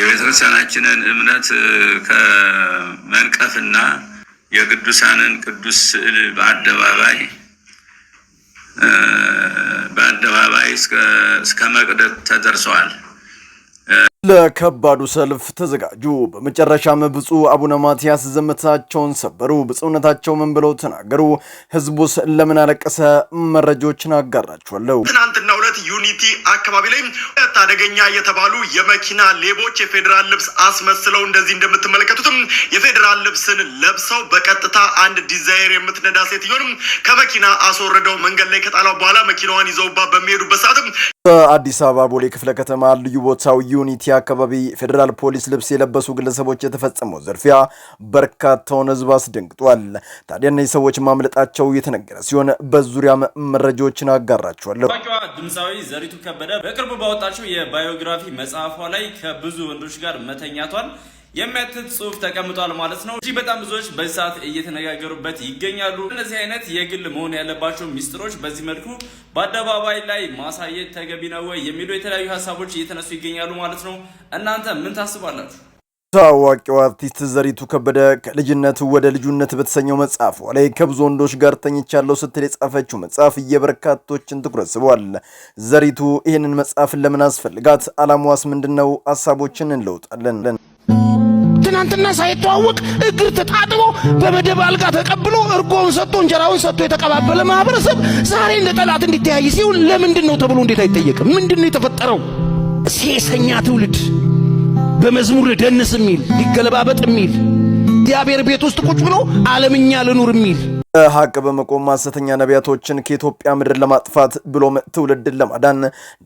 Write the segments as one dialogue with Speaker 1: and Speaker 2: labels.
Speaker 1: የቤተክርስቲያናችንን እምነት ከመንቀፍና የቅዱሳንን ቅዱስ ስዕል በአደባባይ በአደባባይ እስከ መቅደት ተደርሰዋል።
Speaker 2: ለከባዱ ሰልፍ ተዘጋጁ። በመጨረሻም ብፁዕ አቡነ ማትያስ ዘመታቸውን ሰበሩ። ብፁዕነታቸው ምን ብለው ተናገሩ? ህዝቡስ ለምን አለቀሰ? መረጃዎችን አጋራችኋለሁ።
Speaker 3: ትናንትና ሁለት ዩኒቲ አካባቢ ላይ ሁለት አደገኛ የተባሉ የመኪና ሌቦች የፌዴራል ልብስ አስመስለው እንደዚህ እንደምትመለከቱትም የፌዴራል ልብስን ለብሰው በቀጥታ አንድ ዲዛይር የምትነዳ ሴትዮንም ከመኪና አስወርደው መንገድ ላይ ከጣላ በኋላ መኪናዋን ይዘውባት በሚሄዱበት ሰዓትም
Speaker 2: በአዲስ አበባ ቦሌ ክፍለ ከተማ ልዩ ቦታው ዩኒቲ አካባቢ ፌዴራል ፖሊስ ልብስ የለበሱ ግለሰቦች የተፈጸመው ዝርፊያ በርካታውን ሕዝብ አስደንግጧል። ታዲያ እነዚህ ሰዎች ማምለጣቸው የተነገረ ሲሆን በዙሪያም መረጃዎችን አጋራችኋለሁ።
Speaker 4: ታዋቂዋ ድምፃዊ ዘሪቱ ከበደ በቅርቡ ባወጣችው የባዮግራፊ መጽሐፏ ላይ ከብዙ ወንዶች ጋር መተኛቷን የሚያትት ጽሁፍ ተቀምጧል ማለት ነው። እዚህ በጣም ብዙዎች በዚህ ሰዓት እየተነጋገሩበት ይገኛሉ። እነዚህ አይነት የግል መሆን ያለባቸው ሚስጥሮች በዚህ መልኩ በአደባባይ ላይ ማሳየት ተገቢ ነው ወይ የሚሉ የተለያዩ ሀሳቦች እየተነሱ ይገኛሉ ማለት ነው። እናንተ ምን ታስባላችሁ?
Speaker 2: ታዋቂው አርቲስት ዘሪቱ ከበደ ከልጅነት ወደ ልጁነት በተሰኘው መጽሐፍ ላይ ከብዙ ወንዶች ጋር ተኝቻለሁ ስትል የጻፈችው መጽሐፍ የበርካቶችን ትኩረት ስቧል። ዘሪቱ ይህንን መጽሐፍ ለምን አስፈልጋት? አላሟስ ምንድን ነው? ሀሳቦችን እንለውጣለን።
Speaker 5: ትናንትና ሳይተዋወቅ እግር ተጣጥቦ በመደብ አልጋ ተቀብሎ እርጎውን ሰጥቶ እንጀራውን ሰጥቶ የተቀባበለ ማህበረሰብ ዛሬ እንደ ጠላት እንዲተያይ ሲሆን ለምንድን ነው ተብሎ እንዴት አይጠየቅም? ምንድን ነው የተፈጠረው? ሴሰኛ ትውልድ በመዝሙር ደንስ የሚል ሊገለባበጥ የሚል እግዚአብሔር ቤት ውስጥ ቁጭ ብሎ ዓለምኛ ልኑር የሚል
Speaker 2: ሀቅ በመቆም ሐሰተኛ ነቢያቶችን ከኢትዮጵያ ምድር ለማጥፋት ብሎም ትውልድን ለማዳን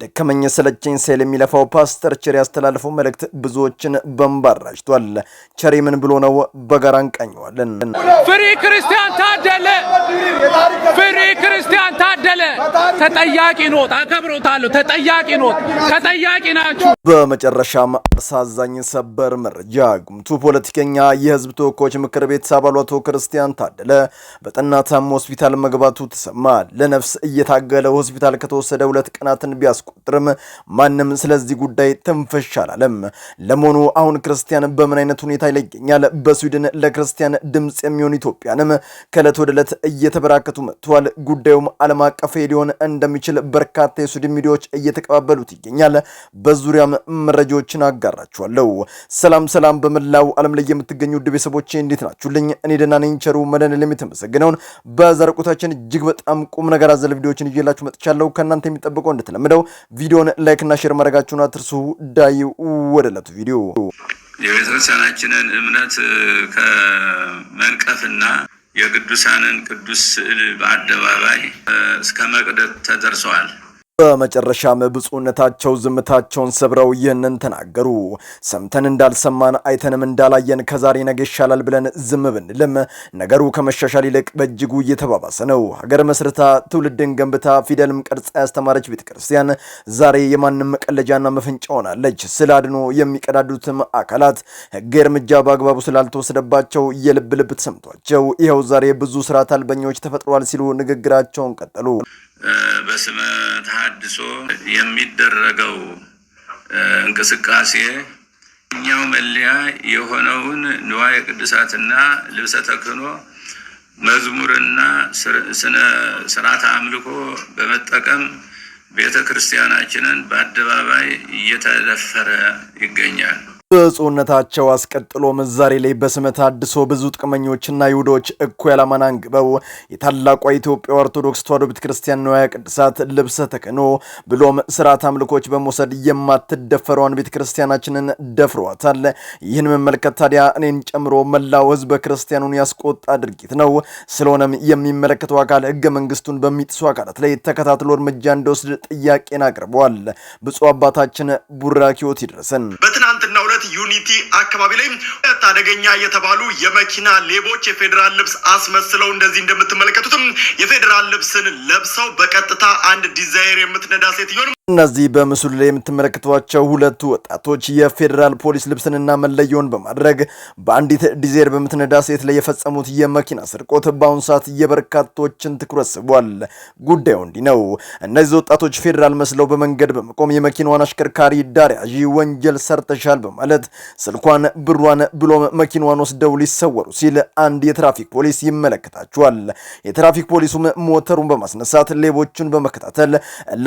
Speaker 2: ደከመኝ ሰለቸኝ ሳይል የሚለፋው ፓስተር ቸሪ ያስተላለፈው መልእክት ብዙዎችን በንባራጅቷል። ቸሪ ምን ብሎ ነው? በጋራ እንቃኘዋለን።
Speaker 6: ፍሪ ክርስቲያን ታደለ ፍሪ ክርስቲያን ታደለ ተጠያቂ ኖት፣ አከብሮታለሁ። ተጠያቂ ኖት፣ ተጠያቂ ናችሁ።
Speaker 2: በመጨረሻም አሳዛኝ ሰበር መረጃ ጉምቱ ፖለቲከኛ የህዝብ ተወካዮች ምክር ቤት አባሉ አቶ ክርስቲያን ታደለ በጠና ሆስፒታል መግባቱ ተሰማ። ለነፍስ እየታገለ ሆስፒታል ከተወሰደ ሁለት ቀናትን ቢያስቆጥርም ማንም ስለዚህ ጉዳይ ትንፍሽ አላለም። ለመሆኑ አሁን ክርስቲያን በምን አይነት ሁኔታ ይገኛል? በስዊድን ለክርስቲያን ድምፅ የሚሆን ኢትዮጵያንም ከእለት ወደ ዕለት እየተበራከቱ መጥተዋል። ጉዳዩም ዓለም አቀፍ ሊሆን እንደሚችል በርካታ የስዊድን ሚዲያዎች እየተቀባበሉት ይገኛል። በዙሪያም መረጃዎችን አጋራችኋለሁ። ሰላም ሰላም፣ በመላው ዓለም ላይ የምትገኙ ውድ ቤተሰቦቼ እንዴት ናችሁልኝ? እኔ ደህና ነኝ። ቸሩ መድኃኔዓለም የተመሰገነ የሚለውን በዘርቁታችን እጅግ በጣም ቁም ነገር አዘል ቪዲዮዎችን እየላችሁ መጥቻለሁ። ከእናንተ የሚጠብቀው እንደተለመደው ቪዲዮን ላይክና ሼር ማድረጋችሁን አትርሱ። ዳይ ወደ ቪዲዮ
Speaker 1: የቤተክርስቲያናችንን እምነት ከመንቀፍና የቅዱሳንን ቅዱስ ስዕል በአደባባይ እስከ መቅደድ ተደርሰዋል።
Speaker 2: በመጨረሻም ብፁዕነታቸው ዝምታቸውን ሰብረው ይህንን ተናገሩ። ሰምተን እንዳልሰማን አይተንም እንዳላየን ከዛሬ ነገ ይሻላል ብለን ዝም ብንልም ነገሩ ከመሻሻል ይልቅ በእጅጉ እየተባባሰ ነው። ሀገር መስርታ ትውልድን ገንብታ ፊደልም ቀርጻ ያስተማረች ቤተ ክርስቲያን ዛሬ የማንም መቀለጃና መፈንጫ ሆናለች። ስለ አድኖ የሚቀዳዱትም አካላት ሕግ እርምጃ በአግባቡ ስላልተወሰደባቸው የልብ ልብ ተሰምቷቸው ይኸው ዛሬ ብዙ ስርዓት አልበኞች ተፈጥሯል ሲሉ ንግግራቸውን ቀጠሉ።
Speaker 1: በስመ ተሐድሶ የሚደረገው እንቅስቃሴ እኛው መለያ የሆነውን ንዋየ ቅድሳትና ልብሰ ተክህኖ መዝሙርና ስርዓተ አምልኮ በመጠቀም ቤተ ክርስቲያናችንን በአደባባይ እየተደፈረ ይገኛል።
Speaker 2: ብፁዕነታቸው አስቀጥሎ ዛሬ ላይ በስመ ተሐድሶ ብዙ ጥቅመኞችና ይሁዶች እኩይ ዓላማን አንግበው የታላቋ ኢትዮጵያ ኦርቶዶክስ ተዋሕዶ ቤተክርስቲያን ንዋየ ቅድሳት ልብሰ ተክህኖ ብሎም ስርዓት አምልኮች በመውሰድ የማትደፈረዋን ቤተክርስቲያናችንን ደፍሯታል። ይህን መመልከት ታዲያ እኔን ጨምሮ መላው ህዝበ ክርስቲያኑን ያስቆጣ ድርጊት ነው። ስለሆነም የሚመለከተው አካል ህገ መንግስቱን በሚጥሱ አካላት ላይ ተከታትሎ እርምጃ እንዲወስድ ጥያቄን አቅርበዋል። ብፁዕ አባታችን ቡራኪዎት ይድረሰን
Speaker 3: በትናንትና ሁለት ዩኒቲ አካባቢ ላይ አደገኛ የተባሉ የመኪና ሌቦች የፌዴራል ልብስ አስመስለው እንደዚህ እንደምትመለከቱትም የፌዴራል ልብስን ለብሰው በቀጥታ አንድ ዲዛይር የምትነዳ ሴትዮን
Speaker 2: እነዚህ በምስሉ ላይ የምትመለከቷቸው ሁለቱ ወጣቶች የፌዴራል ፖሊስ ልብስንና መለየውን በማድረግ በአንዲት ዲዜር በምትነዳ ሴት ላይ የፈጸሙት የመኪና ስርቆት በአሁኑ ሰዓት የበርካቶችን ትኩረት ስቧል። ጉዳዩ እንዲህ ነው። እነዚህ ወጣቶች ፌዴራል መስለው በመንገድ በመቆም የመኪናዋን አሽከርካሪ ዳር ወንጀል ሰርተሻል በማለት ስልኳን፣ ብሯን ብሎም መኪናዋን ወስደው ሊሰወሩ ሲል አንድ የትራፊክ ፖሊስ ይመለከታቸዋል። የትራፊክ ፖሊሱም ሞተሩን በማስነሳት ሌቦቹን በመከታተል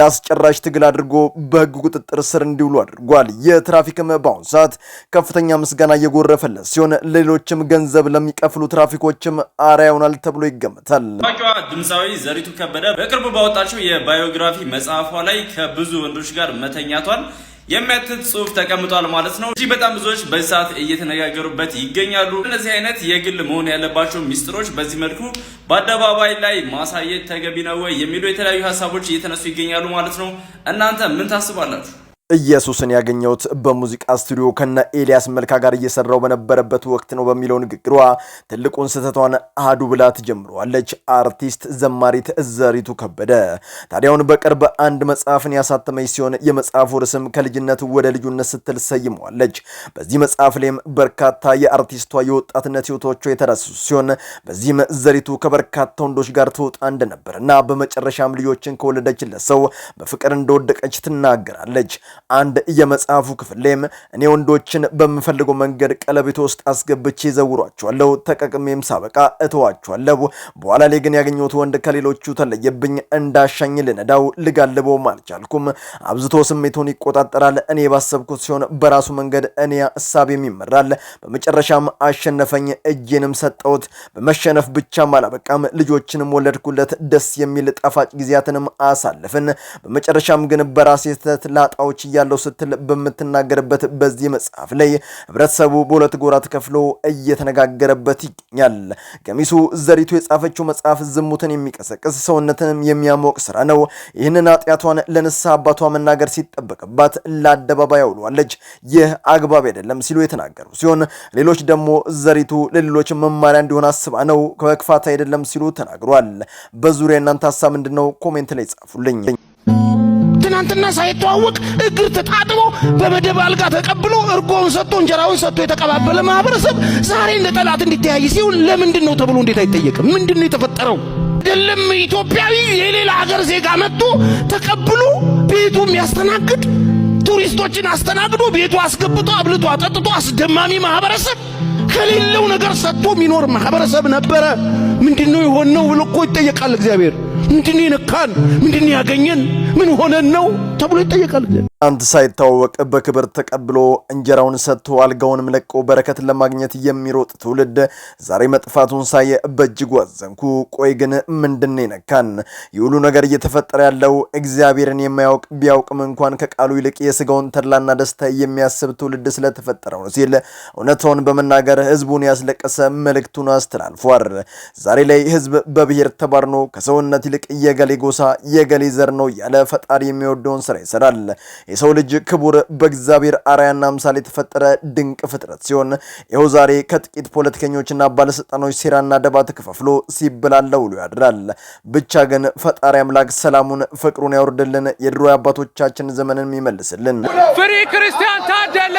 Speaker 2: ላስጨራሽ ትግላ አድርጎ በህግ ቁጥጥር ስር እንዲውሉ አድርጓል። የትራፊክም በአሁኑ ሰዓት ከፍተኛ ምስጋና እየጎረፈለት ሲሆን ሌሎችም ገንዘብ ለሚቀፍሉ ትራፊኮችም አርአያ ይሆናል ተብሎ ይገመታል።
Speaker 4: ታዋቂዋ ድምፃዊ ዘሪቱ ከበደ በቅርቡ ባወጣችው የባዮግራፊ መጽሐፏ ላይ ከብዙ ወንዶች ጋር መተኛቷን የሚያትት ጽሁፍ ተቀምጧል ማለት ነው። እዚህ በጣም ብዙዎች በዚህ ሰዓት እየተነጋገሩበት ይገኛሉ። እነዚህ አይነት የግል መሆን ያለባቸው ሚስጥሮች በዚህ መልኩ በአደባባይ ላይ ማሳየት ተገቢ ነው ወይ የሚሉ የተለያዩ ሀሳቦች እየተነሱ ይገኛሉ ማለት ነው። እናንተ ምን ታስባላችሁ?
Speaker 2: ኢየሱስን ያገኘሁት በሙዚቃ ስቱዲዮ ከነ ኤልያስ መልካ ጋር እየሰራው በነበረበት ወቅት ነው በሚለው ንግግሯ ትልቁን ስህተቷን አዱ ብላ ትጀምረዋለች። አርቲስት ዘማሪት ዘሪቱ ከበደ ታዲያውን በቅርብ አንድ መጽሐፍን ያሳተመች ሲሆን የመጽሐፉ ርዕስም ከልጅነት ወደ ልጁነት ስትል ሰይመዋለች። በዚህ መጽሐፍ ላይም በርካታ የአርቲስቷ የወጣትነት ህይወቶቿ የተዳሰሱ ሲሆን በዚህም ዘሪቱ ከበርካታ ወንዶች ጋር ትወጣ እንደነበርና በመጨረሻም ልጆችን ከወለደችለት ሰው በፍቅር እንደወደቀች ትናገራለች። አንድ የመጽሐፉ ክፍል ላይም እኔ ወንዶችን በምፈልገው መንገድ ቀለቤት ውስጥ አስገብቼ ዘውሯቸዋለሁ፣ ተቀቅሜም ሳበቃ እተዋቸዋለሁ። በኋላ ላይ ግን ያገኘሁት ወንድ ከሌሎቹ ተለየብኝ። እንዳሻኝ ልነዳው ልጋልበውም አልቻልኩም። አብዝቶ ስሜቱን ይቆጣጠራል። እኔ ባሰብኩት ሲሆን በራሱ መንገድ እኔ እሳቤም ይመራል። በመጨረሻም አሸነፈኝ፣ እጄንም ሰጠሁት። በመሸነፍ ብቻም አላበቃም፣ ልጆችንም ወለድኩለት። ደስ የሚል ጣፋጭ ጊዜያትንም አሳልፍን። በመጨረሻም ግን በራሴ ስህተት ላጣዎች ያለው ስትል በምትናገርበት በዚህ መጽሐፍ ላይ ህብረተሰቡ በሁለት ጎራ ተከፍሎ እየተነጋገረበት ይገኛል። ገሚሱ ዘሪቱ የጻፈችው መጽሐፍ ዝሙትን የሚቀሰቅስ ሰውነትንም የሚያሞቅ ስራ ነው። ይህንን አጥያቷን ለንስሐ አባቷ መናገር ሲጠበቅባት ለአደባባይ አውሏለች። ይህ አግባብ አይደለም ሲሉ የተናገሩ ሲሆን ሌሎች ደግሞ ዘሪቱ ለሌሎች መማሪያ እንዲሆን አስባ ነው ከክፋት አይደለም ሲሉ ተናግሯል። በዙሪያ እናንተ ሀሳብ ምንድን ነው? ኮሜንት ላይ ጻፉልኝ።
Speaker 5: ትናንትና ሳይተዋወቅ እግር ተጣጥቦ በመደብ አልጋ ተቀብሎ እርጎውን ሰጥቶ እንጀራውን ሰጥቶ የተቀባበለ ማህበረሰብ ዛሬ እንደ ጠላት እንዲተያይ ሲሆን ለምንድን ነው ተብሎ እንዴት አይጠየቅም? ምንድን ነው የተፈጠረው? አይደለም ኢትዮጵያዊ የሌላ ሀገር ዜጋ መጥቶ ተቀብሎ ቤቱ የሚያስተናግድ ቱሪስቶችን አስተናግዶ ቤቱ አስገብቶ አብልቶ አጠጥቶ አስደማሚ ማህበረሰብ ከሌለው ነገር ሰጥቶ የሚኖር ማህበረሰብ ነበረ። ምንድነው የሆን ነው ብሎ እኮ ይጠየቃል እግዚአብሔር። ምንድነው የነካን ምንድነው ያገኘን ምን ሆነን ነው ተብሎ ይጠየቃል
Speaker 2: አንድ ሳይታወቅ በክብር ተቀብሎ እንጀራውን ሰጥቶ አልጋውንም ለቆ በረከትን ለማግኘት የሚሮጥ ትውልድ ዛሬ መጥፋቱን ሳየ በእጅጉ አዘንኩ። ቆይ ግን ምንድን ነካን? ይህ ሁሉ ነገር እየተፈጠረ ያለው እግዚአብሔርን የማያውቅ ቢያውቅም እንኳን ከቃሉ ይልቅ የስጋውን ተድላና ደስታ የሚያስብ ትውልድ ስለተፈጠረው ነው ሲል እውነታውን በመናገር ህዝቡን ያስለቀሰ መልእክቱን አስተላልፏል። ዛሬ ላይ ህዝብ በብሔር ተባርኖ ከሰውነት ይልቅ የገሌ ጎሳ የገሌ ዘር ነው ያለ ፈጣሪ የሚወደውን ስራ ይሰራል። የሰው ልጅ ክቡር በእግዚአብሔር አርአያና ምሳሌ የተፈጠረ ድንቅ ፍጥረት ሲሆን ይኸው ዛሬ ከጥቂት ፖለቲከኞችና ባለስልጣኖች ሴራና ደባ ተከፋፍሎ ሲብላለ ውሎ ያድራል። ብቻ ግን ፈጣሪ አምላክ ሰላሙን፣ ፍቅሩን ያወርድልን፣ የድሮ አባቶቻችን ዘመንን ይመልስልን።
Speaker 6: ፍሪ ክርስቲያን ታደለ፣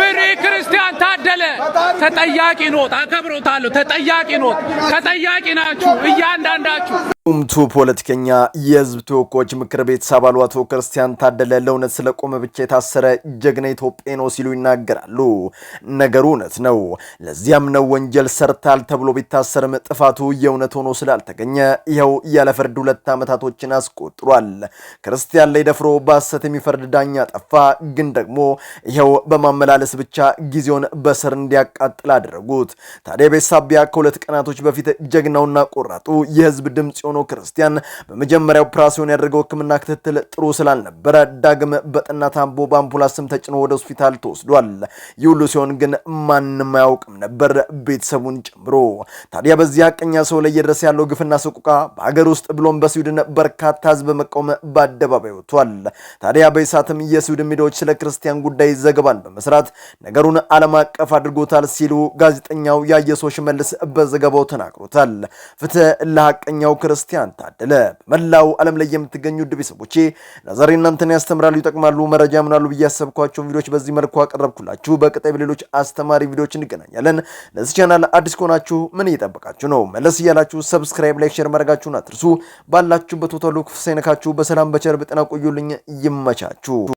Speaker 6: ፍሪ ክርስቲያን ታደለ። ተጠያቂ ኖት፣ አከብሮታለሁ። ተጠያቂ ኖት፣ ተጠያቂ ናችሁ እያንዳንዳችሁ።
Speaker 2: ቁምቱ ፖለቲከኛ የህዝብ ተወካዮች ምክር ቤት አባሉ አቶ ክርስቲያን ታደለ ለእውነት ስለቆመ ብቻ የታሰረ ጀግና ኢትዮጵያ ነው ሲሉ ይናገራሉ። ነገሩ እውነት ነው። ለዚያም ነው ወንጀል ሰርታል ተብሎ ቢታሰርም ጥፋቱ የእውነት ሆኖ ስላልተገኘ ይኸው ያለ ፍርድ ሁለት ዓመታቶችን አስቆጥሯል። ክርስቲያን ላይ ደፍሮ በሐሰት የሚፈርድ ዳኛ ጠፋ። ግን ደግሞ ይኸው በማመላለስ ብቻ ጊዜውን በስር እንዲያቃጥል አደረጉት። ታዲያ ቤት ሳቢያ ከሁለት ቀናቶች በፊት ጀግናውና ቆራጡ የህዝብ ድምፅ የሆነው ክርስቲያን በመጀመሪያው ኦፕራሲዮን ያደረገው ሕክምና ክትትል ጥሩ ስላልነበረ በኋላ ዳግም በጠና ታምቦ በአምቡላንስም ተጭኖ ወደ ሆስፒታል ተወስዷል። ይህ ሁሉ ሲሆን ግን ማንም አያውቅም ነበር ቤተሰቡን ጨምሮ። ታዲያ በዚህ ሀቀኛ ሰው ላይ እየደረሰ ያለው ግፍና ሰቆቃ በሀገር ውስጥ ብሎም በስዊድን በርካታ ህዝብ በመቃወም በአደባባይ ወጥቷል። ታዲያ በይሳትም የስዊድን ሚዲያዎች ስለ ክርስቲያን ጉዳይ ዘገባን በመስራት ነገሩን ዓለም አቀፍ አድርጎታል ሲሉ ጋዜጠኛው ያየሰው ሽመልስ በዘገባው ተናግሮታል። ፍትህ ለሀቀኛው ክርስቲያን ታደለ። በመላው ዓለም ላይ የምትገኙ ውድ ቤተሰቦቼ ለዛሬ እናንተን ያስተምራሉ፣ ይጠቅማሉ፣ መረጃ ምናሉ ብዬ ያሰብኳቸውን ቪዲዮዎች በዚህ መልኩ አቀረብኩላችሁ። በቀጣይ በሌሎች አስተማሪ ቪዲዮዎች እንገናኛለን። ለዚህ ቻናል አዲስ ከሆናችሁ ምን እየጠበቃችሁ ነው? መለስ እያላችሁ ሰብስክራይብ፣ ላይክ፣ ሼር ማድረጋችሁን አትርሱ። ባላችሁበት ቦታ ሁሉ ክፉ ሳይነካችሁ በሰላም በቸር በጤና ቆዩልኝ። ይመቻችሁ።